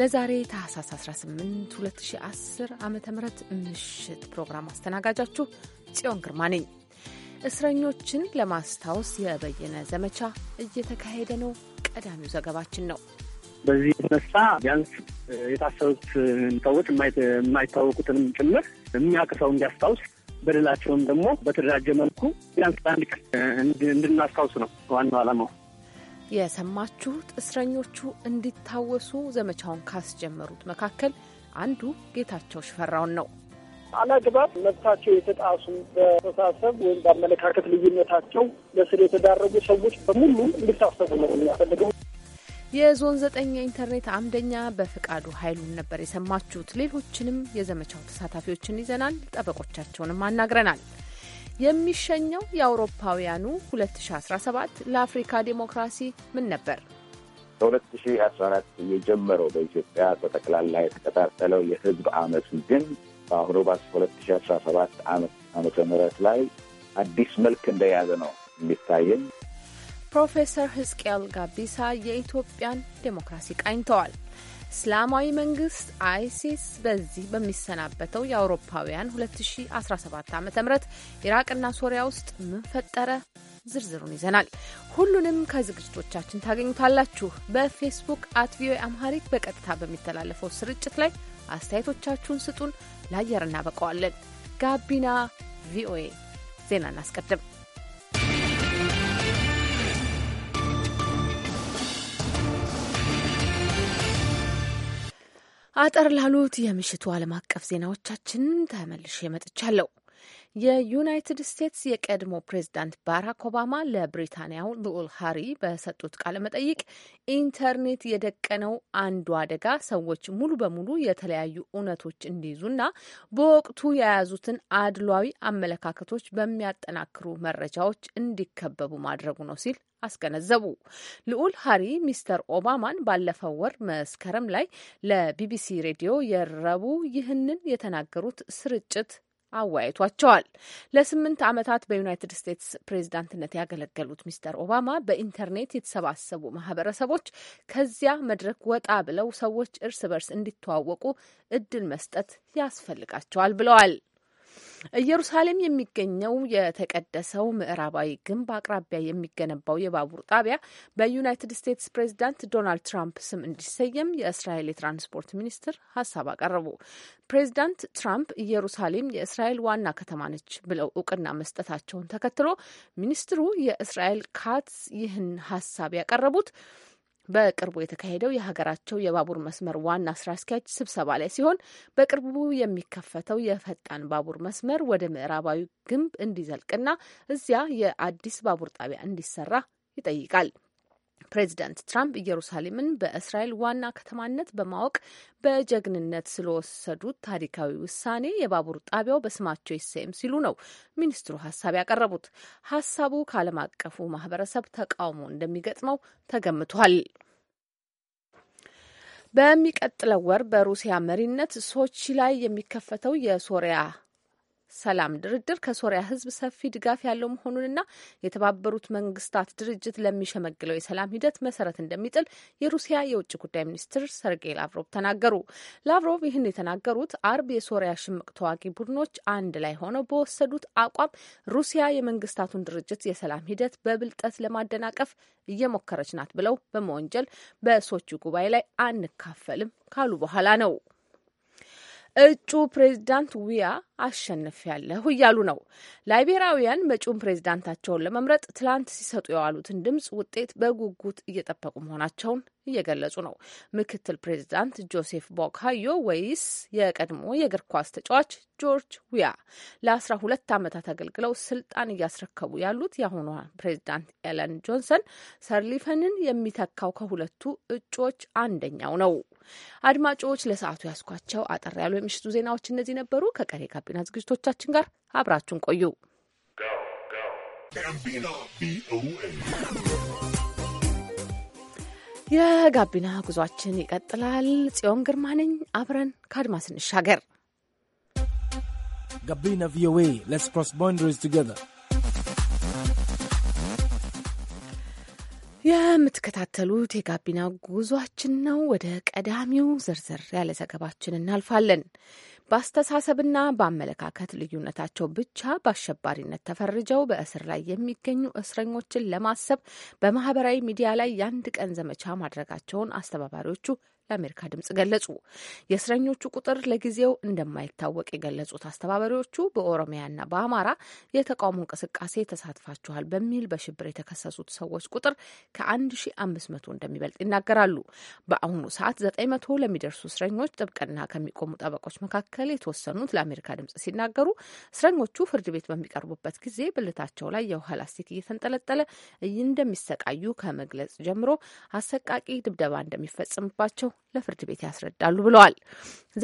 ለዛሬ ታህሳስ 18 2010 ዓ ም ምሽት ፕሮግራም አስተናጋጃችሁ ጽዮን ግርማ ነኝ። እስረኞችን ለማስታወስ የበየነ ዘመቻ እየተካሄደ ነው። ቀዳሚው ዘገባችን ነው። በዚህ የተነሳ ቢያንስ የታሰሩት ሰዎች የማይታወቁትንም ጭምር የሚያውቅ ሰው እንዲያስታውስ በሌላቸውም ደግሞ በተደራጀ መልኩ ቢያንስ አንድ እንድናስታውስ ነው ዋናው ዓላማው። የሰማችሁት እስረኞቹ እንዲታወሱ ዘመቻውን ካስጀመሩት መካከል አንዱ ጌታቸው ሽፈራውን ነው። አላግባብ መብታቸው የተጣሱ በተሳሰብ ወይም በአመለካከት ልዩነታቸው ለስር የተዳረጉ ሰዎች በሙሉ እንዲታሰቡ ነው የሚያፈልገው። የዞን ዘጠኝ የኢንተርኔት አምደኛ በፍቃዱ ኃይሉን ነበር የሰማችሁት። ሌሎችንም የዘመቻው ተሳታፊዎችን ይዘናል። ጠበቆቻቸውንም አናግረናል። የሚሸኘው የአውሮፓውያኑ 2017 ለአፍሪካ ዴሞክራሲ ምን ነበር? በ2014 የጀመረው በኢትዮጵያ በጠቅላላ የተቀጣጠለው የህዝብ አመት ግን በአሁኑ በ2017 ዓመተ ምህረት ላይ አዲስ መልክ እንደያዘ ነው የሚታየን። ፕሮፌሰር ህዝቅያል ጋቢሳ የኢትዮጵያን ዴሞክራሲ ቃኝተዋል። እስላማዊ መንግስት አይሲስ በዚህ በሚሰናበተው የአውሮፓውያን 2017 ዓ ም ኢራቅና ሶሪያ ውስጥ ምን ፈጠረ? ዝርዝሩን ይዘናል። ሁሉንም ከዝግጅቶቻችን ታገኙታላችሁ። በፌስቡክ አት ቪኦኤ አምሃሪክ በቀጥታ በሚተላለፈው ስርጭት ላይ አስተያየቶቻችሁን ስጡን፣ ለአየር እናበቀዋለን። ጋቢና ቪኦኤ ዜና እናስቀድም። አጠር ላሉት የምሽቱ ዓለም አቀፍ ዜናዎቻችን ተመልሼ መጥቻለሁ። የዩናይትድ ስቴትስ የቀድሞ ፕሬዝዳንት ባራክ ኦባማ ለብሪታንያው ልዑል ሀሪ በሰጡት ቃለ መጠይቅ ኢንተርኔት የደቀነው አንዱ አደጋ ሰዎች ሙሉ በሙሉ የተለያዩ እውነቶች እንዲይዙና በወቅቱ የያዙትን አድሏዊ አመለካከቶች በሚያጠናክሩ መረጃዎች እንዲከበቡ ማድረጉ ነው ሲል አስገነዘቡ። ልዑል ሀሪ ሚስተር ኦባማን ባለፈው ወር መስከረም ላይ ለቢቢሲ ሬዲዮ የረቡ ይህንን የተናገሩት ስርጭት አወያይቷቸዋል። ለስምንት ዓመታት በዩናይትድ ስቴትስ ፕሬዚዳንትነት ያገለገሉት ሚስተር ኦባማ በኢንተርኔት የተሰባሰቡ ማህበረሰቦች ከዚያ መድረክ ወጣ ብለው ሰዎች እርስ በርስ እንዲተዋወቁ እድል መስጠት ያስፈልጋቸዋል ብለዋል። ኢየሩሳሌም የሚገኘው የተቀደሰው ምዕራባዊ ግንብ አቅራቢያ የሚገነባው የባቡር ጣቢያ በዩናይትድ ስቴትስ ፕሬዚዳንት ዶናልድ ትራምፕ ስም እንዲሰየም የእስራኤል የትራንስፖርት ሚኒስትር ሀሳብ አቀረቡ። ፕሬዚዳንት ትራምፕ ኢየሩሳሌም የእስራኤል ዋና ከተማ ነች ብለው እውቅና መስጠታቸውን ተከትሎ ሚኒስትሩ የእስራኤል ካትስ ይህን ሀሳብ ያቀረቡት በቅርቡ የተካሄደው የሀገራቸው የባቡር መስመር ዋና ስራ አስኪያጅ ስብሰባ ላይ ሲሆን በቅርቡ የሚከፈተው የፈጣን ባቡር መስመር ወደ ምዕራባዊ ግንብ እንዲዘልቅና እዚያ የአዲስ ባቡር ጣቢያ እንዲሰራ ይጠይቃል። ፕሬዚዳንት ትራምፕ ኢየሩሳሌምን በእስራኤል ዋና ከተማነት በማወቅ በጀግንነት ስለወሰዱት ታሪካዊ ውሳኔ የባቡር ጣቢያው በስማቸው ይሰየም ሲሉ ነው ሚኒስትሩ ሀሳብ ያቀረቡት። ሀሳቡ ከዓለም አቀፉ ማህበረሰብ ተቃውሞ እንደሚገጥመው ተገምቷል። በሚቀጥለው ወር በሩሲያ መሪነት ሶቺ ላይ የሚከፈተው የሶሪያ ሰላም ድርድር ከሶሪያ ህዝብ ሰፊ ድጋፍ ያለው መሆኑንና የተባበሩት መንግስታት ድርጅት ለሚሸመግለው የሰላም ሂደት መሰረት እንደሚጥል የሩሲያ የውጭ ጉዳይ ሚኒስትር ሰርጌይ ላቭሮቭ ተናገሩ። ላቭሮቭ ይህን የተናገሩት አርብ የሶሪያ ሽምቅ ተዋጊ ቡድኖች አንድ ላይ ሆነው በወሰዱት አቋም ሩሲያ የመንግስታቱን ድርጅት የሰላም ሂደት በብልጠት ለማደናቀፍ እየሞከረች ናት ብለው በመወንጀል በሶቹ ጉባኤ ላይ አንካፈልም ካሉ በኋላ ነው። እጩ ፕሬዚዳንት ዊያ አሸንፊያለሁ እያሉ ነው። ላይቤሪያውያን መጪውን ፕሬዚዳንታቸውን ለመምረጥ ትላንት ሲሰጡ የዋሉትን ድምፅ ውጤት በጉጉት እየጠበቁ መሆናቸውን እየገለጹ ነው። ምክትል ፕሬዚዳንት ጆሴፍ ቦካዮ ወይስ የቀድሞ የእግር ኳስ ተጫዋች ጆርጅ ዊያ ለአስራ ሁለት ዓመታት አገልግለው ስልጣን እያስረከቡ ያሉት የአሁኗ ፕሬዚዳንት ኤለን ጆንሰን ሰርሊፈንን የሚተካው ከሁለቱ እጩዎች አንደኛው ነው። አድማጮች ለሰዓቱ ያስኳቸው አጠር ያሉ የምሽቱ ዜናዎች እነዚህ ነበሩ። ከቀሪ ጋቢና ዝግጅቶቻችን ጋር አብራችሁን ቆዩ። የጋቢና ጉዟችን ይቀጥላል። ጽዮን ግርማ ነኝ። አብረን ከአድማስ ስንሻገር ጋቢና ቪኦኤ ሌትስ ክሮስ ባውንደሪስ ቱጌዘር የምትከታተሉት የጋቢና ጉዟችን ነው። ወደ ቀዳሚው ዝርዝር ያለ ዘገባችን እናልፋለን። በአስተሳሰብና በአመለካከት ልዩነታቸው ብቻ በአሸባሪነት ተፈርጀው በእስር ላይ የሚገኙ እስረኞችን ለማሰብ በማህበራዊ ሚዲያ ላይ የአንድ ቀን ዘመቻ ማድረጋቸውን አስተባባሪዎቹ ለአሜሪካ ድምጽ ገለጹ። የእስረኞቹ ቁጥር ለጊዜው እንደማይታወቅ የገለጹት አስተባባሪዎቹ በኦሮሚያና በአማራ የተቃውሞ እንቅስቃሴ ተሳትፋችኋል በሚል በሽብር የተከሰሱት ሰዎች ቁጥር ከ1500 እንደሚበልጥ ይናገራሉ። በአሁኑ ሰዓት 900 ለሚደርሱ እስረኞች ጥብቅና ከሚቆሙ ጠበቆች መካከል የተወሰኑት ለአሜሪካ ድምጽ ሲናገሩ እስረኞቹ ፍርድ ቤት በሚቀርቡበት ጊዜ ብልታቸው ላይ የውሃ ላስቲክ እየተንጠለጠለ እንደሚሰቃዩ ከመግለጽ ጀምሮ አሰቃቂ ድብደባ እንደሚፈጸምባቸው ለፍርድ ቤት ያስረዳሉ ብለዋል።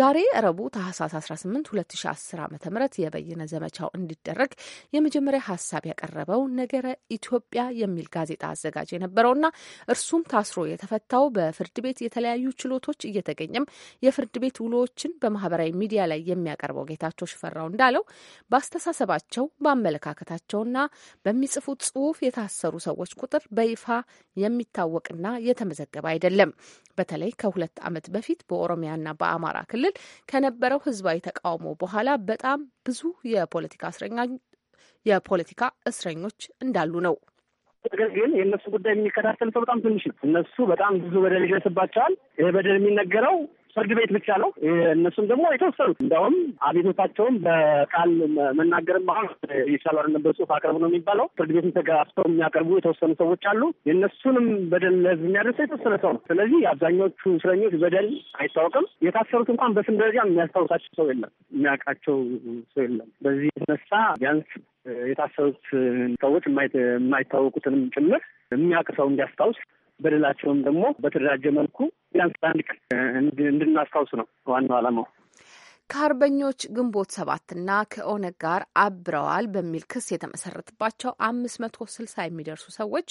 ዛሬ ረቡ ታህሳስ 18 2010 ዓ ም የበይነ ዘመቻው እንዲደረግ የመጀመሪያ ሀሳብ ያቀረበው ነገረ ኢትዮጵያ የሚል ጋዜጣ አዘጋጅ የነበረውና እርሱም ታስሮ የተፈታው በፍርድ ቤት የተለያዩ ችሎቶች እየተገኘም የፍርድ ቤት ውሎዎችን በማህበራዊ ሚዲያ ላይ የሚያቀርበው ጌታቸው ሽፈራው እንዳለው በአስተሳሰባቸው በአመለካከታቸውና በሚጽፉት ጽሁፍ የታሰሩ ሰዎች ቁጥር በይፋ የሚታወቅና የተመዘገበ አይደለም። በተለይ ከሁለ ከሁለት ዓመት በፊት በኦሮሚያና በአማራ ክልል ከነበረው ህዝባዊ ተቃውሞ በኋላ በጣም ብዙ የፖለቲካ እስረኛ የፖለቲካ እስረኞች እንዳሉ ነው። ነገር ግን የእነሱ ጉዳይ የሚከታተል ሰው በጣም ትንሽ ነው። እነሱ በጣም ብዙ በደል ይደርስባቸዋል። ይህ በደል የሚነገረው ፍርድ ቤት ብቻ ነው። እነሱም ደግሞ የተወሰኑት እንዲያውም አቤቶታቸውን በቃል መናገርም አሁን ይቻላል ጽሁፍ አቅርቡ ነው የሚባለው። ፍርድ ቤት ተጋፍተው የሚያቀርቡ የተወሰኑ ሰዎች አሉ። የእነሱንም በደል ለህዝብ የሚያደርሰ የተወሰነ ሰው ነው። ስለዚህ አብዛኞቹ እስረኞች በደል አይታወቅም። የታሰሩት እንኳን በስም ደረጃ የሚያስታውሳቸው ሰው የለም፣ የሚያውቃቸው ሰው የለም። በዚህ የተነሳ ቢያንስ የታሰሩት ሰዎች የማይታወቁትንም ጭምር የሚያውቅ ሰው እንዲያስታውስ በደላቸውም ደግሞ በተደራጀ መልኩ ቢያንስ በአንድ ቀን እንድናስታውስ ነው ዋናው ዓላማው። ከአርበኞች ግንቦት ሰባትና ከኦነግ ጋር አብረዋል በሚል ክስ የተመሰረተባቸው አምስት መቶ ስልሳ የሚደርሱ ሰዎች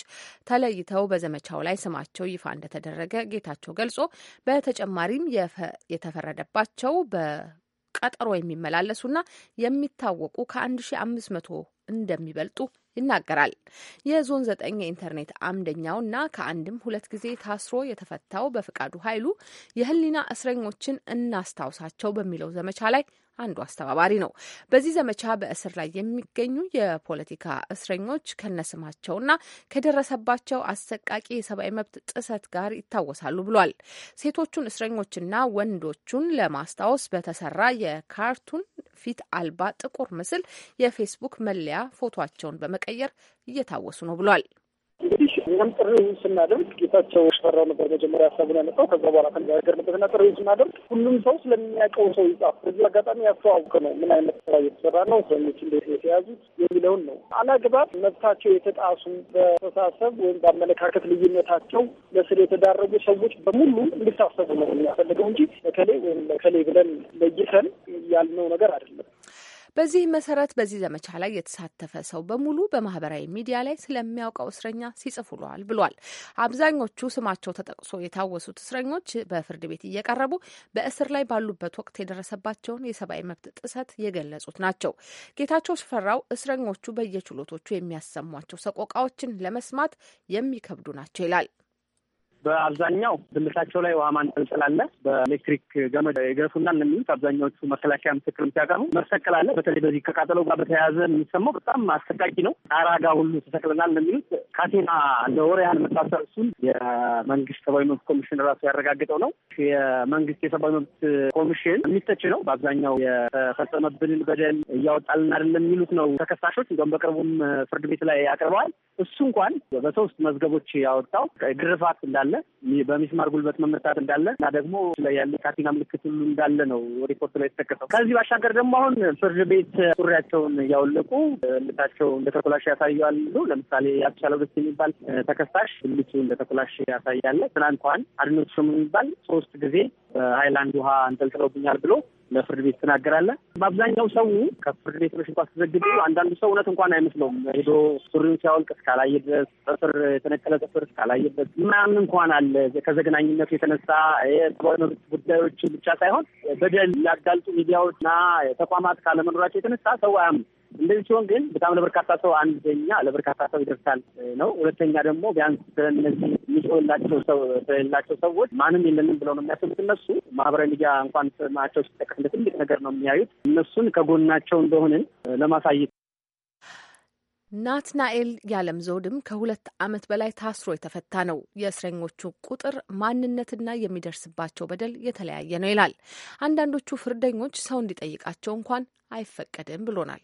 ተለይተው በዘመቻው ላይ ስማቸው ይፋ እንደተደረገ ጌታቸው ገልጾ በተጨማሪም የተፈረደባቸው ቀጠሮ የሚመላለሱና የሚታወቁ ከ1500 እንደሚበልጡ ይናገራል። የዞን ዘጠኝ የኢንተርኔት አምደኛውና ከአንድም ሁለት ጊዜ ታስሮ የተፈታው በፍቃዱ ኃይሉ የህሊና እስረኞችን እናስታውሳቸው በሚለው ዘመቻ ላይ አንዱ አስተባባሪ ነው። በዚህ ዘመቻ በእስር ላይ የሚገኙ የፖለቲካ እስረኞች ከነስማቸውና ከደረሰባቸው አሰቃቂ የሰብአዊ መብት ጥሰት ጋር ይታወሳሉ ብሏል። ሴቶቹን እስረኞችና ወንዶቹን ለማስታወስ በተሰራ የካርቱን ፊት አልባ ጥቁር ምስል የፌስቡክ መለያ ፎቶቸውን በመቀየር እየታወሱ ነው ብሏል። እንግዲህ እኛም ጥሪ ስናደርግ ጌታቸው ሽፈራው ነበር መጀመሪያ ሀሳቡን ያመጣው። ከዛ በኋላ እና ጥሪ ስናደርግ ሁሉም ሰው ስለሚያውቀው ሰው ይጻፍ፣ በዚህ አጋጣሚ ያስተዋውቅ ነው። ምን አይነት ስራ እየተሰራ ነው፣ እስረኞች እንዴት የተያዙት የሚለውን ነው። አላግባብ መብታቸው የተጣሱ በተሳሰብ ወይም በአመለካከት ልዩነታቸው ለስር የተዳረጉ ሰዎች በሙሉ እንዲታሰቡ ነው የሚያፈልገው እንጂ ለከሌ ወይም ለከሌ ብለን ለይተን ያልነው ነገር አይደለም። በዚህ መሰረት በዚህ ዘመቻ ላይ የተሳተፈ ሰው በሙሉ በማህበራዊ ሚዲያ ላይ ስለሚያውቀው እስረኛ ሲጽፍ ውለዋል ብሏል። አብዛኞቹ ስማቸው ተጠቅሶ የታወሱት እስረኞች በፍርድ ቤት እየቀረቡ በእስር ላይ ባሉበት ወቅት የደረሰባቸውን የሰብአዊ መብት ጥሰት የገለጹት ናቸው። ጌታቸው ሽፈራው እስረኞቹ በየችሎቶቹ የሚያሰሟቸው ሰቆቃዎችን ለመስማት የሚከብዱ ናቸው ይላል። በአብዛኛው ብልታቸው ላይ ውሃ ማንጠልጠል አለ። በኤሌክትሪክ ገመድ የገፉና እንደሚሉት አብዛኛዎቹ መከላከያ ምስክር ሲያቀርቡ መሰቀል አለ። በተለይ በዚህ ከቃጠለው ጋር በተያያዘ የሚሰማው በጣም አሰቃቂ ነው። ጣራ ጋር ሁሉ ተሰቅለናል እንደሚሉት ካቴና እንደ ወር ያህል መታሰር፣ እሱን የመንግስት ሰብአዊ መብት ኮሚሽን ራሱ ያረጋግጠው ነው። የመንግስት የሰብአዊ መብት ኮሚሽን የሚተች ነው። በአብዛኛው የተፈጸመብንን በደል እያወጣልን አይደለም የሚሉት ነው ተከሳሾች። እንዲሁም በቅርቡም ፍርድ ቤት ላይ አቅርበዋል። እሱ እንኳን በሶስት መዝገቦች ያወጣው ግርፋት እንዳለ እንዳለ በሚስማር ጉልበት መመታት እንዳለ እና ደግሞ ያለ ካቲና ምልክት ሁሉ እንዳለ ነው ሪፖርት ላይ የተጠቀሰው። ከዚህ ባሻገር ደግሞ አሁን ፍርድ ቤት ሱሪያቸውን እያወለቁ እንደ ተኮላሽ ያሳያሉ። ለምሳሌ ያስቻለው ደስ የሚባል ተከሳሽ ብልቱ ተኮላሽ ያሳያለ። ትናንት እንኳን አድኖ የሚባል ሶስት ጊዜ ሃይላንድ ውሃ አንጠልጥለውብኛል ብሎ ለፍርድ ቤት ትናገራለ። በአብዛኛው ሰው ከፍርድ ቤት በሽ እንኳን ስትዘግብ አንዳንዱ ሰው እውነት እንኳን አይመስለውም። ሄዶ ሱሪውን ሲያወልቅ እስካላየ ድረስ ጥፍር የተነቀለ ጥፍር ድረስ ምናምን እንኳን አለ። ከዘግናኝነቱ የተነሳ የሰብአዊ ጉዳዮችን ብቻ ሳይሆን በደል ያጋልጡ ሚዲያዎችና ተቋማት ካለመኖራቸው የተነሳ ሰው አያምኑም። እንደዚህ ሲሆን ግን በጣም ለበርካታ ሰው አንደኛ ለበርካታ ሰው ይደርሳል ነው። ሁለተኛ ደግሞ ቢያንስ ስለነዚህ የሚጮህላቸው ሰው ስለሌላቸው ሰዎች ማንም የለንም ብለው ነው የሚያስቡት እነሱ። ማህበራዊ ሚዲያ እንኳን ስማቸው ሲጠቀስ እንደ ትልቅ ነገር ነው የሚያዩት። እነሱን ከጎናቸው እንደሆንን ለማሳየት ናትናኤል ያለም ዘውድም ከሁለት ዓመት በላይ ታስሮ የተፈታ ነው። የእስረኞቹ ቁጥር ማንነትና የሚደርስባቸው በደል የተለያየ ነው ይላል። አንዳንዶቹ ፍርደኞች ሰው እንዲጠይቃቸው እንኳን አይፈቀድም ብሎናል።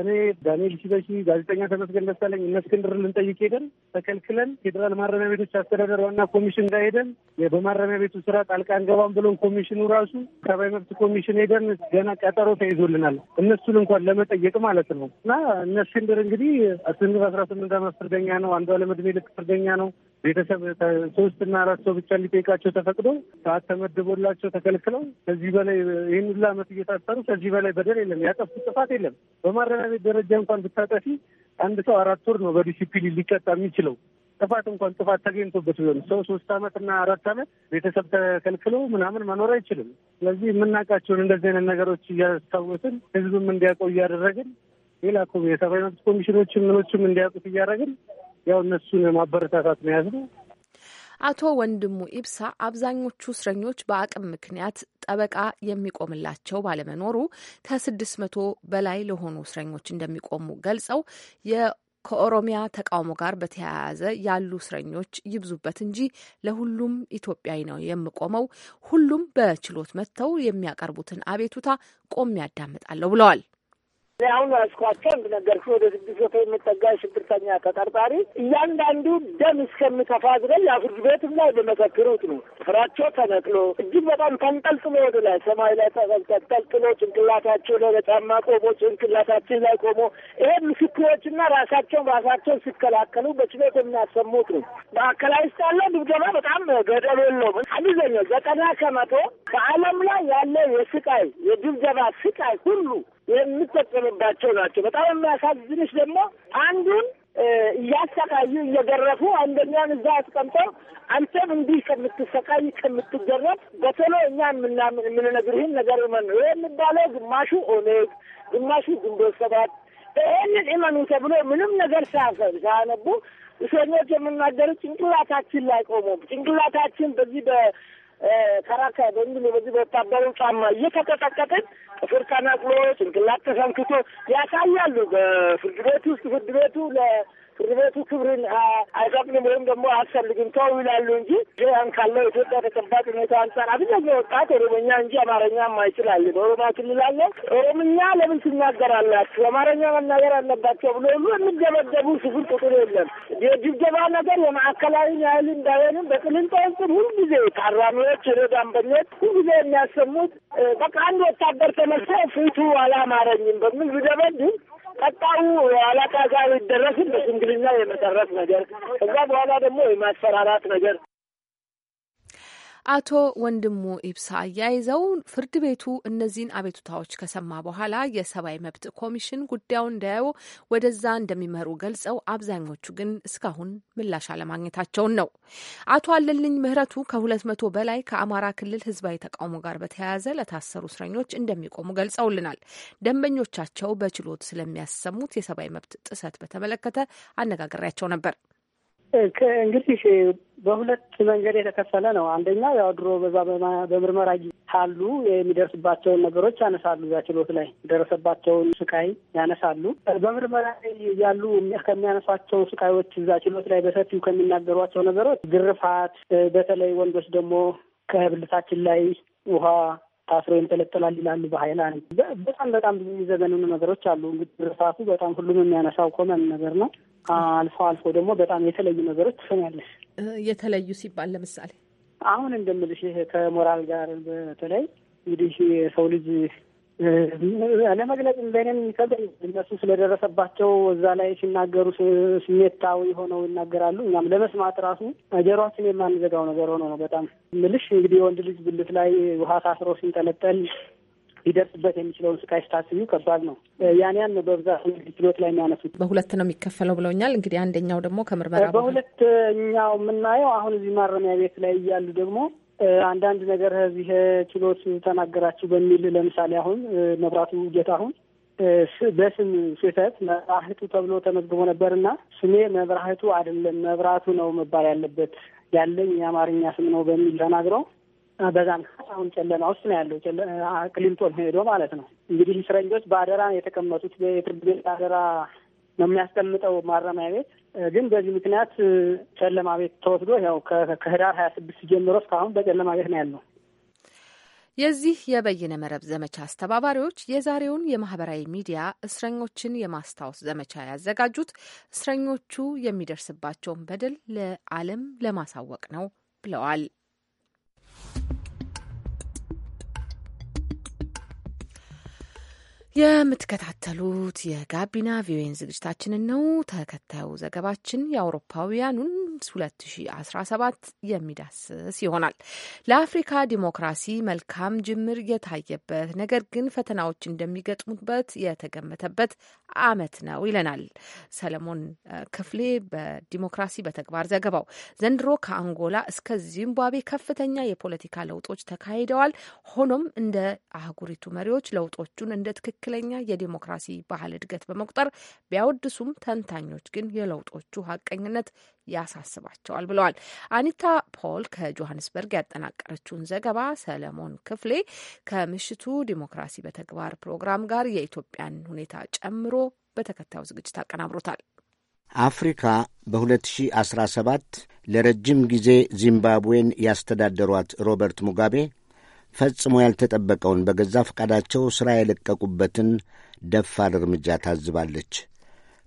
እኔ ዳንኤል ሺበሺ፣ ጋዜጠኛ ተመስገን ደሳለኝ እነ እስክንድር ልንጠይቅ ሄደን ተከልክለን ፌዴራል ማረሚያ ቤቶች አስተዳደር ዋና ኮሚሽን ጋር ሄደን በማረሚያ ቤቱ ስራ ጣልቃ አንገባም ብሎን ኮሚሽኑ ራሱ ሰብአዊ መብት ኮሚሽን ሄደን ገና ቀጠሮ ተይዞልናል እነሱን እንኳን ለመጠየቅ ማለት ነው እና እነ እስክንድር እንግዲህ እስክንድር አስራ ስምንት አመት ፍርደኛ ነው። አንዷለም ዕድሜ ልክ ፍርደኛ ነው። ቤተሰብ ሶስትና አራት ሰው ብቻ ሊጠይቃቸው ተፈቅዶ ሰዓት ተመድቦላቸው ተከልክለው ከዚህ በላይ ይህን ሁሉ ዓመት እየታሰሩ ከዚህ በላይ በደል የለም፣ ያጠፉት ጥፋት የለም። በማረሚያ ቤት ደረጃ እንኳን ብታጠፊ አንድ ሰው አራት ወር ነው በዲሲፕሊን ሊቀጣ የሚችለው። ጥፋት እንኳን ጥፋት ተገኝቶበት ቢሆን ሰው ሶስት አመት እና አራት አመት ቤተሰብ ተከልክሎ ምናምን መኖር አይችልም። ስለዚህ የምናውቃቸውን እንደዚህ አይነት ነገሮች እያስታወስን ህዝብም እንዲያውቀው እያደረግን ሌላ የሰብአዊ መብት ኮሚሽኖችም ምኖችም እንዲያውቁት እያደረግን ያው እነሱን ማበረታታት ነው አቶ ወንድሙ ኢብሳ አብዛኞቹ እስረኞች በአቅም ምክንያት ጠበቃ የሚቆምላቸው ባለመኖሩ ከስድስት መቶ በላይ ለሆኑ እስረኞች እንደሚቆሙ ገልጸው ከኦሮሚያ ተቃውሞ ጋር በተያያዘ ያሉ እስረኞች ይብዙበት እንጂ ለሁሉም ኢትዮጵያዊ ነው የምቆመው። ሁሉም በችሎት መጥተው የሚያቀርቡትን አቤቱታ ቆሜ ያዳምጣለሁ ብለዋል። አሁን ያስኳቸው እንደነገርኩህ ወደ ስድስት መቶ የምጠጋ ሽብርተኛ ተጠርጣሪ እያንዳንዱ ደም እስከሚተፋ ድረስ ያው ፍርድ ቤትም ላይ በመሰክሩት ነው ፍራቸው ተነቅሎ እጅግ በጣም ተንጠልጥሎ ወደ ላይ ሰማይ ላይ ተንጠልጥሎ ጭንቅላታቸው ላይ በጫማ ቆሞ ጭንቅላታችን ላይ ቆሞ ይሄ ምስክሮችና ራሳቸውን ራሳቸውን ሲከላከሉ በችሎት የሚያሰሙት ነው። ማዕከላዊ ውስጥ ያለው ድብደባ በጣም ገደብ የለውም። አብዛኛው ዘጠና ከመቶ በዓለም ላይ ያለ የስቃይ የድብደባ ስቃይ ሁሉ የምጠቀምባቸው ናቸው። በጣም የሚያሳዝንሽ ደግሞ አንዱን እያሰቃዩ እየገረፉ አንደኛን እዛ አስቀምጠው አንተም እንዲህ ከምትሰቃይ ከምትገረፍ በቶሎ እኛ የምንነግርህን ነገር እመን ነው የሚባለው። ግማሹ ኦነግ፣ ግማሹ ግንቦት ሰባት ይህንን እመኑ ተብሎ ምንም ነገር ሳያነቡ እስረኞች የምናገሩ ጭንቅላታችን ላይ ቆሞ ጭንቅላታችን በዚህ ከራካ በሚል በዚህ በወታደሩ ጫማ እየተቀጠቀጥን ጥፍር ተነቅሎ ጭንቅላት ተሰንክቶ ያሳያሉ። በፍርድ ቤት ውስጥ ፍርድ ቤቱ ምክር ቤቱ ክብርን አይፈቅድም ወይም ደግሞ አያስፈልግም ተው ይላሉ እንጂ ያን ካለው ኢትዮጵያ ተጨባጭ ሁኔታ አንጻር አብዛኛው ወጣት ኦሮሞኛ እንጂ አማርኛ ማይችላል። ኦሮማ በኦሮሚያ ክልል አለ። ኦሮምኛ ለምን ትናገራላችሁ? አማርኛ መናገር አለባቸው ብሎ ሁሉ የሚደበደቡ ስፍር ቁጥር የለም። የድብደባ ነገር የማዕከላዊ ያህል እንዳይሆንም በቅልንጦ ውስጥ ሁልጊዜ ታራሚዎች፣ ደንበኞች ሁልጊዜ የሚያሰሙት በቃ አንድ ወታደር ተመልሶ ፊቱ አላማረኝም በሚል ቢደበድብ ቀጣዩ አላቃ ጋር ይደረስን በሽምግልና የመጠረፍ ነገር፣ ከዛ በኋላ ደግሞ የማስፈራራት ነገር አቶ ወንድሙ ኢብሳ አያይዘው ፍርድ ቤቱ እነዚህን አቤቱታዎች ከሰማ በኋላ የሰብአዊ መብት ኮሚሽን ጉዳዩን እንዳየው ወደዛ እንደሚመሩ ገልጸው አብዛኞቹ ግን እስካሁን ምላሽ አለማግኘታቸውን ነው። አቶ አለልኝ ምህረቱ ከሁለት መቶ በላይ ከአማራ ክልል ህዝባዊ ተቃውሞ ጋር በተያያዘ ለታሰሩ እስረኞች እንደሚቆሙ ገልጸውልናል። ደንበኞቻቸው በችሎት ስለሚያሰሙት የሰብአዊ መብት ጥሰት በተመለከተ አነጋግሬያቸው ነበር። እንግዲህ በሁለት መንገድ የተከፈለ ነው። አንደኛው ያው ድሮ በዛ በምርመራ ካሉ የሚደርስባቸውን ነገሮች ያነሳሉ። እዛ ችሎት ላይ የደረሰባቸውን ስቃይ ያነሳሉ። በምርመራ ላይ ያሉ ከሚያነሷቸው ስቃዮች እዛ ችሎት ላይ በሰፊው ከሚናገሯቸው ነገሮች ግርፋት፣ በተለይ ወንዶች ደግሞ ከብልታችን ላይ ውሃ ታስሮ ይንጠለጠላል ይላሉ በሀይል በጣም በጣም ብዙ የሚዘገንኑ ነገሮች አሉ። እንግዲህ ድርሳቱ በጣም ሁሉም የሚያነሳው ኮመን ነገር ነው። አልፎ አልፎ ደግሞ በጣም የተለዩ ነገሮች ትሰሚያለሽ። የተለዩ ሲባል ለምሳሌ አሁን እንደምልሽ ከሞራል ጋር በተለይ እንግዲህ የሰው ልጅ ለመግለጽ በእኔም የሚከብደኝ እነሱ ስለደረሰባቸው እዛ ላይ ሲናገሩ ስሜታዊ ሆነው ይናገራሉ። እኛም ለመስማት ራሱ ጆሮአችን የማንዘጋው ነገር ሆኖ ነው። በጣም ምልሽ እንግዲህ የወንድ ልጅ ብልት ላይ ውሃ ታስሮ ሲንጠለጠል ሊደርስበት የሚችለውን ስቃይ ስታስቢው ከባድ ነው። ያን ያን በብዛት እንግዲህ ችሎት ላይ የሚያነሱት በሁለት ነው የሚከፈለው ብለውኛል። እንግዲህ አንደኛው ደግሞ ከምርመራ በሁለተኛው የምናየው አሁን እዚህ ማረሚያ ቤት ላይ እያሉ ደግሞ አንዳንድ ነገር ይሄ ችሎት ተናገራችሁ በሚል ለምሳሌ አሁን መብራቱ አሁን በስም ስህተት መብራህቱ ተብሎ ተመዝግቦ ነበርና ስሜ መብራህቱ አይደለም መብራቱ ነው መባል ያለበት ያለኝ የአማርኛ ስም ነው በሚል ተናግረው በዛም አሁን ጨለማ ውስጥ ነው ያለው። ክሊንቶን ሄዶ ማለት ነው እንግዲህ እስረኞች በአደራ የተቀመጡት የፍርድ ቤት አደራ ነው የሚያስቀምጠው ማረሚያ ቤት ግን በዚህ ምክንያት ጨለማ ቤት ተወስዶ ያው ከህዳር ሀያ ስድስት ጀምሮ እስካሁን በጨለማ ቤት ነው ያለው። የዚህ የበይነ መረብ ዘመቻ አስተባባሪዎች የዛሬውን የማህበራዊ ሚዲያ እስረኞችን የማስታወስ ዘመቻ ያዘጋጁት እስረኞቹ የሚደርስባቸውን በደል ለዓለም ለማሳወቅ ነው ብለዋል። የምትከታተሉት የጋቢና ቪኦኤን ዝግጅታችንን ነው። ተከታዩ ዘገባችን የአውሮፓውያኑን 2017 የሚዳስስ ይሆናል። ለአፍሪካ ዲሞክራሲ መልካም ጅምር የታየበት ነገር ግን ፈተናዎች እንደሚገጥሙበት የተገመተበት ዓመት ነው ይለናል ሰለሞን ክፍሌ በዲሞክራሲ በተግባር ዘገባው። ዘንድሮ ከአንጎላ እስከ ዚምባብዌ ከፍተኛ የፖለቲካ ለውጦች ተካሂደዋል። ሆኖም እንደ አህጉሪቱ መሪዎች ለውጦቹን እንደ ትክክል ትክክለኛ የዲሞክራሲ ባህል እድገት በመቁጠር ቢያወድሱም ተንታኞች ግን የለውጦቹ ሀቀኝነት ያሳስባቸዋል ብለዋል። አኒታ ፖል ከጆሀንስበርግ ያጠናቀረችውን ዘገባ ሰለሞን ክፍሌ ከምሽቱ ዲሞክራሲ በተግባር ፕሮግራም ጋር የኢትዮጵያን ሁኔታ ጨምሮ በተከታዩ ዝግጅት አቀናብሮታል። አፍሪካ በ2017 ለረጅም ጊዜ ዚምባብዌን ያስተዳደሯት ሮበርት ሙጋቤ ፈጽሞ ያልተጠበቀውን በገዛ ፈቃዳቸው ሥራ የለቀቁበትን ደፋር እርምጃ ታዝባለች።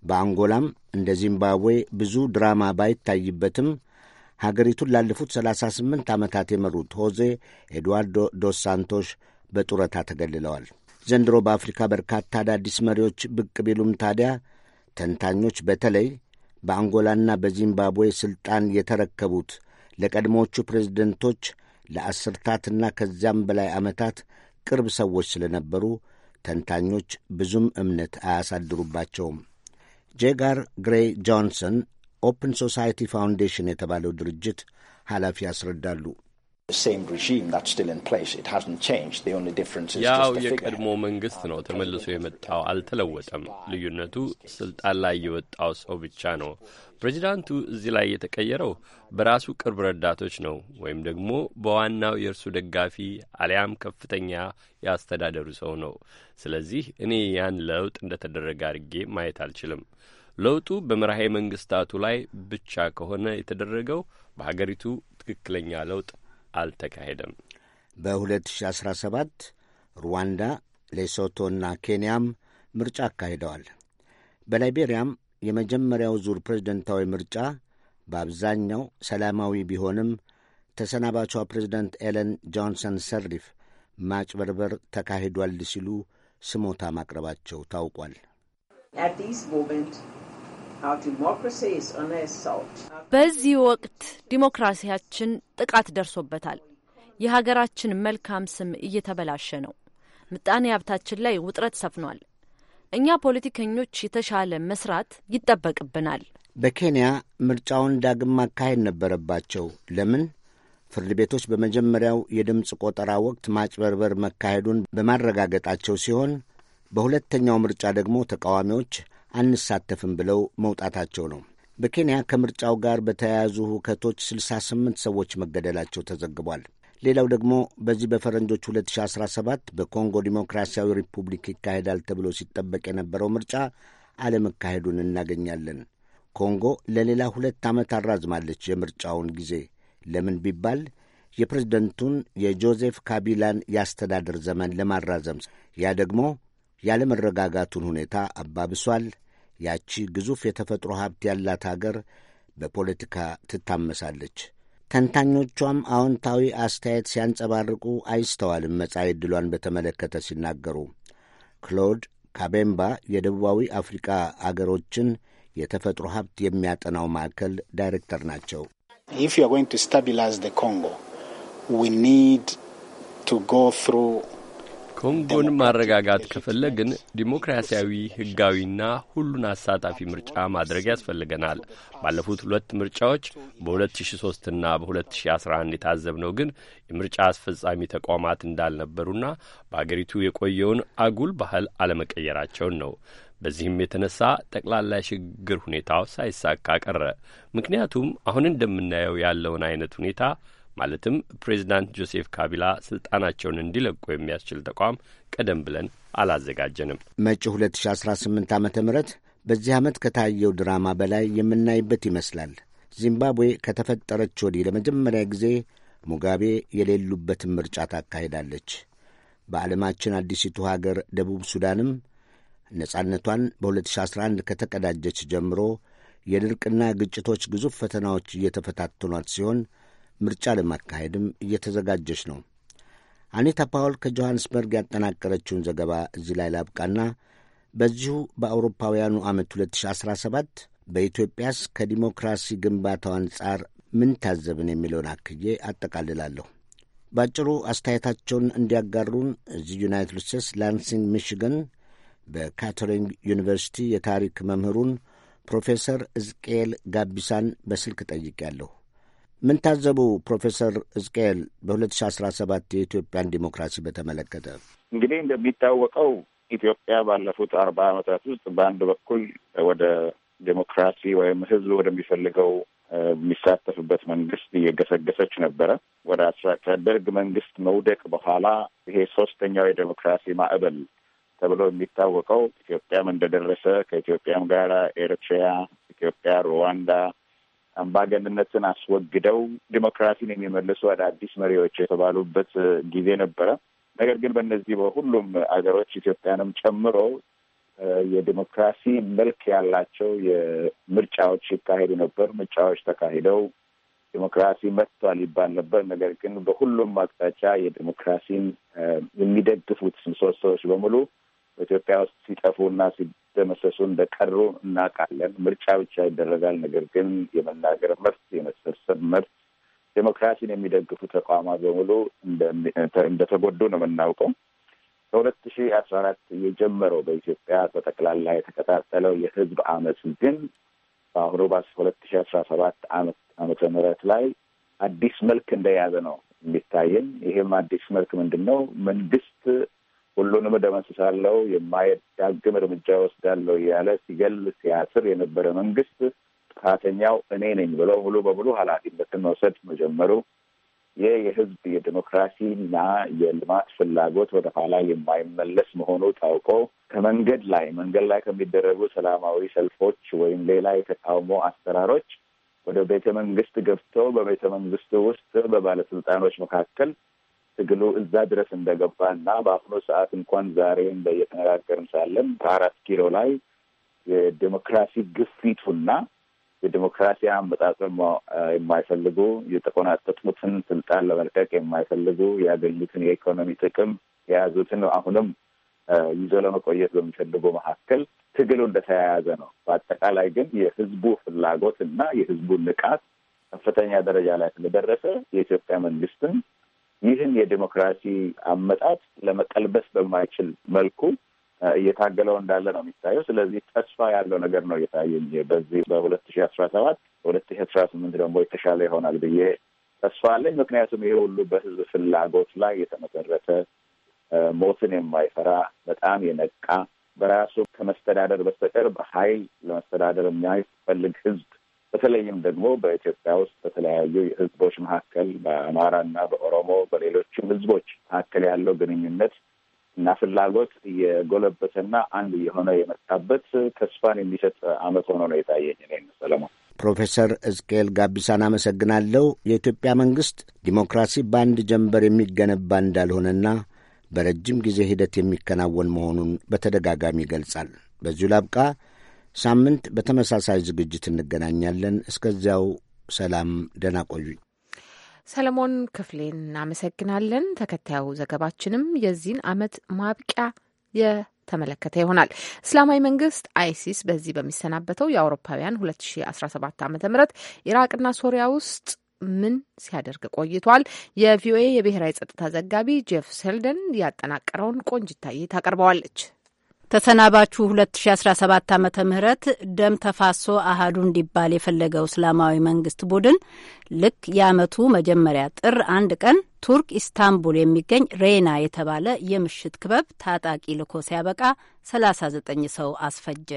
በአንጎላም እንደ ዚምባብዌ ብዙ ድራማ ባይታይበትም ሀገሪቱን ላለፉት 38 ዓመታት የመሩት ሆዜ ኤድዋርዶ ዶስ ሳንቶሽ በጡረታ ተገልለዋል። ዘንድሮ በአፍሪካ በርካታ አዳዲስ መሪዎች ብቅ ቢሉም ታዲያ ተንታኞች በተለይ በአንጎላና በዚምባብዌ ሥልጣን የተረከቡት ለቀድሞዎቹ ፕሬዝደንቶች ለአስርታትና ከዚያም በላይ ዓመታት ቅርብ ሰዎች ስለነበሩ ተንታኞች ብዙም እምነት አያሳድሩባቸውም። ጄጋር ግሬይ ጆንሰን ኦፕን ሶሳይቲ ፋውንዴሽን የተባለው ድርጅት ኃላፊ ያስረዳሉ። ያው የቀድሞ መንግስት ነው ተመልሶ የመጣው አልተለወጠም። ልዩነቱ ስልጣን ላይ የወጣው ሰው ብቻ ነው። ፕሬዚዳንቱ እዚህ ላይ የተቀየረው በራሱ ቅርብ ረዳቶች ነው ወይም ደግሞ በዋናው የእርሱ ደጋፊ አሊያም ከፍተኛ ያስተዳደሩ ሰው ነው። ስለዚህ እኔ ያን ለውጥ እንደ ተደረገ አድርጌ ማየት አልችልም። ለውጡ በመራሄ መንግስታቱ ላይ ብቻ ከሆነ የተደረገው በሀገሪቱ ትክክለኛ ለውጥ አልተካሄደም። በ2017 ሩዋንዳ፣ ሌሶቶና ኬንያም ምርጫ አካሂደዋል። በላይቤሪያም የመጀመሪያው ዙር ፕሬዝደንታዊ ምርጫ በአብዛኛው ሰላማዊ ቢሆንም ተሰናባቿ ፕሬዝደንት ኤለን ጆንሰን ሰሪፍ ማጭበርበር ተካሂዷል ሲሉ ስሞታ ማቅረባቸው ታውቋል። በዚህ ወቅት ዲሞክራሲያችን ጥቃት ደርሶበታል። የሀገራችን መልካም ስም እየተበላሸ ነው። ምጣኔ ሀብታችን ላይ ውጥረት ሰፍኗል። እኛ ፖለቲከኞች የተሻለ መስራት ይጠበቅብናል። በኬንያ ምርጫውን ዳግም ማካሄድ ነበረባቸው። ለምን? ፍርድ ቤቶች በመጀመሪያው የድምፅ ቆጠራ ወቅት ማጭበርበር መካሄዱን በማረጋገጣቸው ሲሆን በሁለተኛው ምርጫ ደግሞ ተቃዋሚዎች አንሳተፍም ብለው መውጣታቸው ነው። በኬንያ ከምርጫው ጋር በተያያዙ ሁከቶች 68 ሰዎች መገደላቸው ተዘግቧል። ሌላው ደግሞ በዚህ በፈረንጆች 2017 በኮንጎ ዲሞክራሲያዊ ሪፑብሊክ ይካሄዳል ተብሎ ሲጠበቅ የነበረው ምርጫ አለመካሄዱን እናገኛለን። ኮንጎ ለሌላ ሁለት ዓመት አራዝማለች የምርጫውን ጊዜ ለምን ቢባል የፕሬዝደንቱን የጆዜፍ ካቢላን የአስተዳደር ዘመን ለማራዘም ያ ደግሞ ያለመረጋጋቱን ሁኔታ አባብሷል። ያቺ ግዙፍ የተፈጥሮ ሀብት ያላት አገር በፖለቲካ ትታመሳለች። ተንታኞቿም አዎንታዊ አስተያየት ሲያንጸባርቁ አይስተዋልም። መጻኢ ዕድሏን በተመለከተ ሲናገሩ ክሎድ ካቤምባ የደቡባዊ አፍሪካ አገሮችን የተፈጥሮ ሀብት የሚያጠናው ማዕከል ዳይሬክተር ናቸው። ኢፍ ዩ አር ጎይንግ ቱ ስታቢላይዝ ዘ ኮንጎ ዊ ኒድ ቱ ጎ ትሩ ኮንጎን ማረጋጋት ከፈለግን ዲሞክራሲያዊ ህጋዊና ሁሉን አሳታፊ ምርጫ ማድረግ ያስፈልገናል። ባለፉት ሁለት ምርጫዎች በ2003ና በ2011 የታዘብነው ግን የምርጫ አስፈጻሚ ተቋማት እንዳልነበሩና በአገሪቱ የቆየውን አጉል ባህል አለመቀየራቸውን ነው። በዚህም የተነሳ ጠቅላላ ሽግግር ሁኔታው ሳይሳካ ቀረ። ምክንያቱም አሁን እንደምናየው ያለውን አይነት ሁኔታ ማለትም ፕሬዚዳንት ጆሴፍ ካቢላ ስልጣናቸውን እንዲለቁ የሚያስችል ተቋም ቀደም ብለን አላዘጋጀንም። መጪ 2018 ዓ ም በዚህ ዓመት ከታየው ድራማ በላይ የምናይበት ይመስላል። ዚምባብዌ ከተፈጠረች ወዲህ ለመጀመሪያ ጊዜ ሙጋቤ የሌሉበትን ምርጫ ታካሂዳለች። በዓለማችን አዲሲቱ ሀገር ደቡብ ሱዳንም ነጻነቷን በ2011 ከተቀዳጀች ጀምሮ የድርቅና ግጭቶች ግዙፍ ፈተናዎች እየተፈታተኗት ሲሆን ምርጫ ለማካሄድም እየተዘጋጀች ነው። አኒታ ፓውል ከጆሐንስበርግ ያጠናቀረችውን ዘገባ እዚህ ላይ ላብቃና በዚሁ በአውሮፓውያኑ ዓመት 2017 በኢትዮጵያስ ከዲሞክራሲ ግንባታው አንጻር ምን ታዘብን የሚለውን አክዬ አጠቃልላለሁ። ባጭሩ አስተያየታቸውን እንዲያጋሩን እዚህ ዩናይትድ ስቴትስ ላንሲንግ ሚሽገን በካቶሊክ ዩኒቨርሲቲ የታሪክ መምህሩን ፕሮፌሰር እዝቅኤል ጋቢሳን በስልክ ጠይቄያለሁ። ምን ታዘቡ ፕሮፌሰር እዝቅኤል በ2017 የኢትዮጵያን ዲሞክራሲ በተመለከተ? እንግዲህ እንደሚታወቀው ኢትዮጵያ ባለፉት አርባ ዓመታት ውስጥ በአንድ በኩል ወደ ዴሞክራሲ ወይም ህዝብ ወደሚፈልገው የሚሳተፍበት መንግስት እየገሰገሰች ነበረ። ወደ ከደርግ መንግስት መውደቅ በኋላ ይሄ ሶስተኛው የዴሞክራሲ ማዕበል ተብሎ የሚታወቀው ኢትዮጵያም እንደደረሰ ከኢትዮጵያም ጋር ኤርትራ፣ ኢትዮጵያ፣ ሩዋንዳ አምባገንነትን አስወግደው ዲሞክራሲን የሚመልሱ አዳዲስ መሪዎች የተባሉበት ጊዜ ነበረ። ነገር ግን በእነዚህ በሁሉም አገሮች ኢትዮጵያንም ጨምሮ የዲሞክራሲ መልክ ያላቸው የምርጫዎች ይካሄዱ ነበር። ምርጫዎች ተካሂደው ዲሞክራሲ መጥቷል ይባል ነበር። ነገር ግን በሁሉም አቅጣጫ የዲሞክራሲን የሚደግፉት ምሰሶዎች በሙሉ በኢትዮጵያ ውስጥ ሲጠፉ እና ደመሰሱ እንደቀሩ እናውቃለን። ምርጫ ብቻ ይደረጋል። ነገር ግን የመናገር መብት፣ የመሰብሰብ መብት፣ ዴሞክራሲን የሚደግፉ ተቋማት በሙሉ እንደተጎዱ ነው የምናውቀው። ከሁለት ሺ አስራ አራት የጀመረው በኢትዮጵያ በጠቅላላ የተቀጣጠለው የህዝብ አመፅ ግን በአሁኑ ሁለት ሺ አስራ ሰባት አመት ምህረት ላይ አዲስ መልክ እንደያዘ ነው የሚታየን። ይህም አዲስ መልክ ምንድን ነው? መንግስት ሁሉንም ደመስሳለው የማይዳግም እርምጃ ወስዳለው እያለ ሲገል ሲያስር የነበረ መንግስት ጥፋተኛው እኔ ነኝ ብሎ ሙሉ በሙሉ ኃላፊነትን መውሰድ መጀመሩ ይህ የህዝብ የዲሞክራሲና የልማት ፍላጎት ወደ ኋላ የማይመለስ መሆኑ ታውቆ ከመንገድ ላይ መንገድ ላይ ከሚደረጉ ሰላማዊ ሰልፎች ወይም ሌላ የተቃውሞ አሰራሮች ወደ ቤተ መንግስት ገብተው በቤተ መንግስቱ ውስጥ በባለስልጣኖች መካከል ትግሉ እዛ ድረስ እንደገባ እና በአሁኑ ሰዓት እንኳን ዛሬ እንደየተነጋገርን ሳለን ከአራት ኪሎ ላይ የዴሞክራሲ ግፊቱና የዴሞክራሲ አመጣጥም የማይፈልጉ የተቆናጠጡትን ስልጣን ለመልቀቅ የማይፈልጉ ያገኙትን የኢኮኖሚ ጥቅም የያዙትን አሁንም ይዞ ለመቆየት በሚፈልጉ መካከል ትግሉ እንደተያያዘ ነው። በአጠቃላይ ግን የህዝቡ ፍላጎት እና የህዝቡ ንቃት ከፍተኛ ደረጃ ላይ ስለደረሰ የኢትዮጵያ መንግስትም ይህን የዴሞክራሲ አመጣጥ ለመቀልበስ በማይችል መልኩ እየታገለው እንዳለ ነው የሚታየው። ስለዚህ ተስፋ ያለው ነገር ነው እየታየኝ በዚህ በሁለት ሺ አስራ ሰባት በሁለት ሺ አስራ ስምንት ደግሞ የተሻለ ይሆናል ብዬ ተስፋ አለኝ። ምክንያቱም ይሄ ሁሉ በህዝብ ፍላጎት ላይ የተመሰረተ ሞትን የማይፈራ በጣም የነቃ በራሱ ከመስተዳደር በስተቀር በኃይል ለመስተዳደር የማይፈልግ ህዝብ በተለይም ደግሞ በኢትዮጵያ ውስጥ በተለያዩ ህዝቦች መካከል በአማራና በኦሮሞ በሌሎችም ህዝቦች መካከል ያለው ግንኙነት እና ፍላጎት እየጎለበተና አንድ የሆነ የመጣበት ተስፋን የሚሰጥ አመት ሆኖ ነው የታየኝ። እኔ ሰለሞን ፕሮፌሰር እዝቅኤል ጋቢሳን አመሰግናለሁ። የኢትዮጵያ መንግስት ዲሞክራሲ በአንድ ጀንበር የሚገነባ እንዳልሆነና በረጅም ጊዜ ሂደት የሚከናወን መሆኑን በተደጋጋሚ ይገልጻል። በዚሁ ላብቃ። ሳምንት በተመሳሳይ ዝግጅት እንገናኛለን። እስከዚያው ሰላም፣ ደህና ቆዩ። ሰለሞን ክፍሌን እናመሰግናለን። ተከታዩ ዘገባችንም የዚህን ዓመት ማብቂያ የተመለከተ ይሆናል። እስላማዊ መንግስት አይሲስ በዚህ በሚሰናበተው የአውሮፓውያን 2017 ዓ ም ኢራቅና ሶሪያ ውስጥ ምን ሲያደርግ ቆይቷል? የቪኦኤ የብሔራዊ ጸጥታ ዘጋቢ ጄፍ ሴልደን ያጠናቀረውን ቆንጅታዬ ታቀርበዋለች። ተሰናባቹ 2017 ዓ ም ደም ተፋሶ አህዱ እንዲባል የፈለገው እስላማዊ መንግስት ቡድን ልክ የአመቱ መጀመሪያ ጥር አንድ ቀን ቱርክ ኢስታንቡል የሚገኝ ሬና የተባለ የምሽት ክበብ ታጣቂ ልኮ ሲያበቃ 39 ሰው አስፈጀ።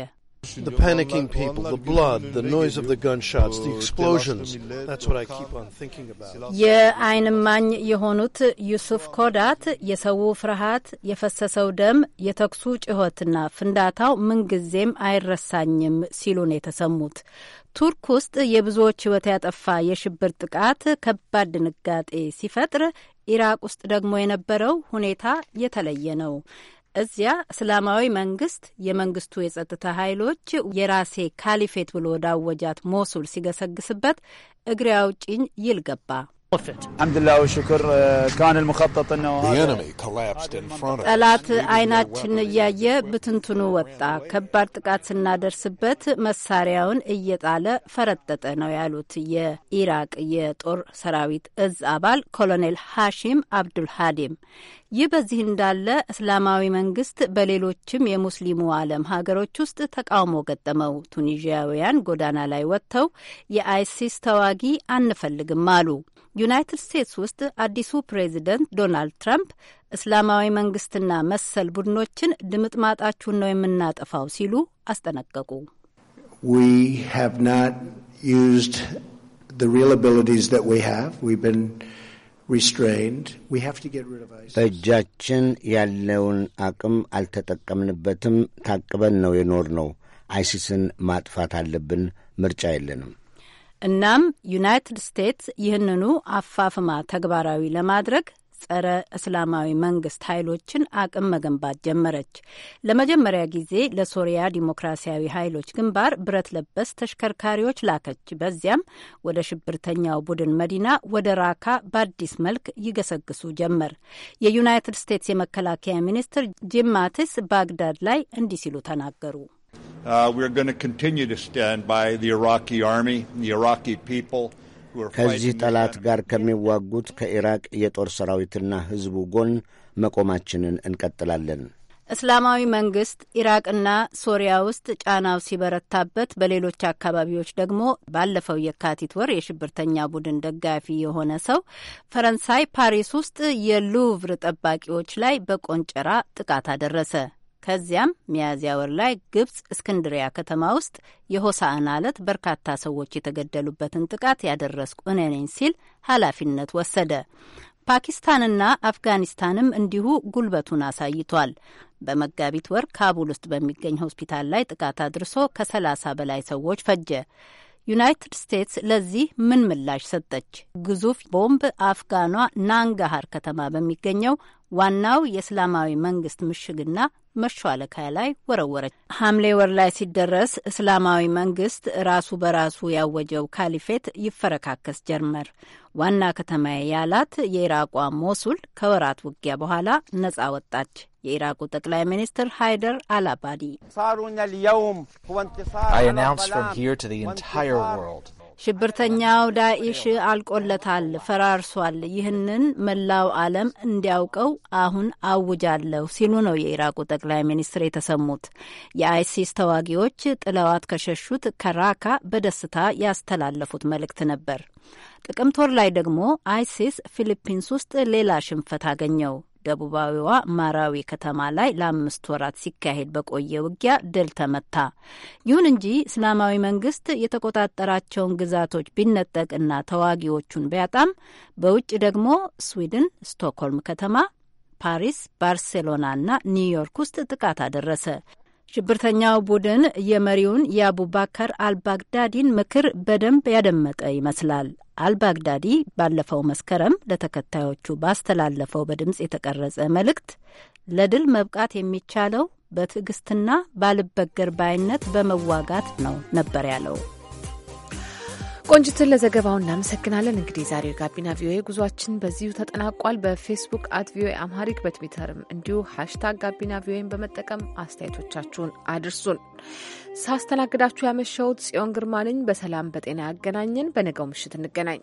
The panicking people, the blood, the noise of the gunshots, the explosions. That's what I keep on thinking about. የአይን እማኝ የሆኑት ዩሱፍ ኮዳት የሰው ፍርሃት፣ የፈሰሰው ደም፣ የተኩሱ ጩኸትና ፍንዳታው ምንጊዜም አይረሳኝም ሲሉ ነው የተሰሙት። ቱርክ ውስጥ የብዙዎች ሕይወት ያጠፋ የሽብር ጥቃት ከባድ ድንጋጤ ሲፈጥር፣ ኢራቅ ውስጥ ደግሞ የነበረው ሁኔታ የተለየ ነው። እዚያ እስላማዊ መንግስት የመንግስቱ የጸጥታ ኃይሎች የራሴ ካሊፌት ብሎ አወጃት ሞሱል ሲገሰግስበት እግሬ አውጪኝ ይል ገባ። ጠላት አይናችን እያየ ብትንትኑ ወጣ። ከባድ ጥቃት ስናደርስበት መሳሪያውን እየጣለ ፈረጠጠ ነው ያሉት የኢራቅ የጦር ሰራዊት እዝ አባል ኮሎኔል ሃሺም አብዱል ሀዲም ይህ በዚህ እንዳለ እስላማዊ መንግስት በሌሎችም የሙስሊሙ ዓለም ሀገሮች ውስጥ ተቃውሞ ገጠመው። ቱኒዥያውያን ጎዳና ላይ ወጥተው የአይሲስ ተዋጊ አንፈልግም አሉ። ዩናይትድ ስቴትስ ውስጥ አዲሱ ፕሬዚደንት ዶናልድ ትራምፕ እስላማዊ መንግስትና መሰል ቡድኖችን ድምጥ ማጣችሁን ነው የምናጠፋው ሲሉ አስጠነቀቁ። We have በእጃችን ያለውን አቅም አልተጠቀምንበትም። ታቅበን ነው የኖር ነው። አይሲስን ማጥፋት አለብን። ምርጫ የለንም። እናም ዩናይትድ ስቴትስ ይህንኑ አፋፍማ ተግባራዊ ለማድረግ ጸረ እስላማዊ መንግስት ኃይሎችን አቅም መገንባት ጀመረች። ለመጀመሪያ ጊዜ ለሶሪያ ዲሞክራሲያዊ ኃይሎች ግንባር ብረት ለበስ ተሽከርካሪዎች ላከች። በዚያም ወደ ሽብርተኛው ቡድን መዲና ወደ ራካ በአዲስ መልክ ይገሰግሱ ጀመር። የዩናይትድ ስቴትስ የመከላከያ ሚኒስትር ጂም ማቲስ ባግዳድ ላይ እንዲህ ሲሉ ተናገሩ። Uh, we're going to continue to stand by the Iraqi army, the Iraqi people. ከዚህ ጠላት ጋር ከሚዋጉት ከኢራቅ የጦር ሰራዊትና ሕዝቡ ጎን መቆማችንን እንቀጥላለን። እስላማዊ መንግስት ኢራቅና ሶሪያ ውስጥ ጫናው ሲበረታበት፣ በሌሎች አካባቢዎች ደግሞ ባለፈው የካቲት ወር የሽብርተኛ ቡድን ደጋፊ የሆነ ሰው ፈረንሳይ ፓሪስ ውስጥ የሉቭር ጠባቂዎች ላይ በቆንጨራ ጥቃት አደረሰ። ከዚያም ሚያዝያ ወር ላይ ግብጽ እስክንድሪያ ከተማ ውስጥ የሆሳዕና ዕለት በርካታ ሰዎች የተገደሉበትን ጥቃት ያደረስኩ እኔ ነኝ ሲል ኃላፊነት ወሰደ። ፓኪስታንና አፍጋኒስታንም እንዲሁ ጉልበቱን አሳይቷል። በመጋቢት ወር ካቡል ውስጥ በሚገኝ ሆስፒታል ላይ ጥቃት አድርሶ ከሰላሳ በላይ ሰዎች ፈጀ። ዩናይትድ ስቴትስ ለዚህ ምን ምላሽ ሰጠች? ግዙፍ ቦምብ አፍጋኗ ናንጋሃር ከተማ በሚገኘው ዋናው የእስላማዊ መንግስት ምሽግና መሿለካ ላይ ወረወረች። ሐምሌ ወር ላይ ሲደረስ እስላማዊ መንግስት ራሱ በራሱ ያወጀው ካሊፌት ይፈረካከስ ጀመር። ዋና ከተማ ያላት የኢራቋ ሞሱል ከወራት ውጊያ በኋላ ነጻ ወጣች። የኢራቁ ጠቅላይ ሚኒስትር ሃይደር አልአባዲ ሽብርተኛው ዳኢሽ አልቆለታል፣ ፈራርሷል። ይህንን መላው ዓለም እንዲያውቀው አሁን አውጃለሁ ሲሉ ነው የኢራቁ ጠቅላይ ሚኒስትር የተሰሙት። የአይሲስ ተዋጊዎች ጥለዋት ከሸሹት ከራካ በደስታ ያስተላለፉት መልእክት ነበር። ጥቅምት ወር ላይ ደግሞ አይሲስ ፊሊፒንስ ውስጥ ሌላ ሽንፈት አገኘው። ደቡባዊዋ ማራዊ ከተማ ላይ ለአምስት ወራት ሲካሄድ በቆየ ውጊያ ድል ተመታ። ይሁን እንጂ እስላማዊ መንግስት የተቆጣጠራቸውን ግዛቶች ቢነጠቅና ተዋጊዎቹን ቢያጣም በውጭ ደግሞ ስዊድን ስቶክሆልም ከተማ፣ ፓሪስ፣ ባርሴሎና እና ኒውዮርክ ውስጥ ጥቃት አደረሰ። ሽብርተኛው ቡድን የመሪውን የአቡባከር አልባግዳዲን ምክር በደንብ ያደመጠ ይመስላል። አልባግዳዲ ባለፈው መስከረም ለተከታዮቹ ባስተላለፈው በድምፅ የተቀረጸ መልእክት ለድል መብቃት የሚቻለው በትዕግስትና ባልበገር ባይነት በመዋጋት ነው ነበር ያለው። ቆንጅትን ለዘገባው እናመሰግናለን። እንግዲህ ዛሬው ጋቢና ቪኦኤ ጉዟችን በዚሁ ተጠናቋል። በፌስቡክ አት ቪኦኤ አምሃሪክ በትዊተርም እንዲሁ ሀሽታግ ጋቢና ቪኦኤን በመጠቀም አስተያየቶቻችሁን አድርሱን። ሳስተናግዳችሁ ያመሸሁት ጽዮን ግርማ ነኝ። በሰላም በጤና ያገናኘን። በነገው ምሽት እንገናኝ።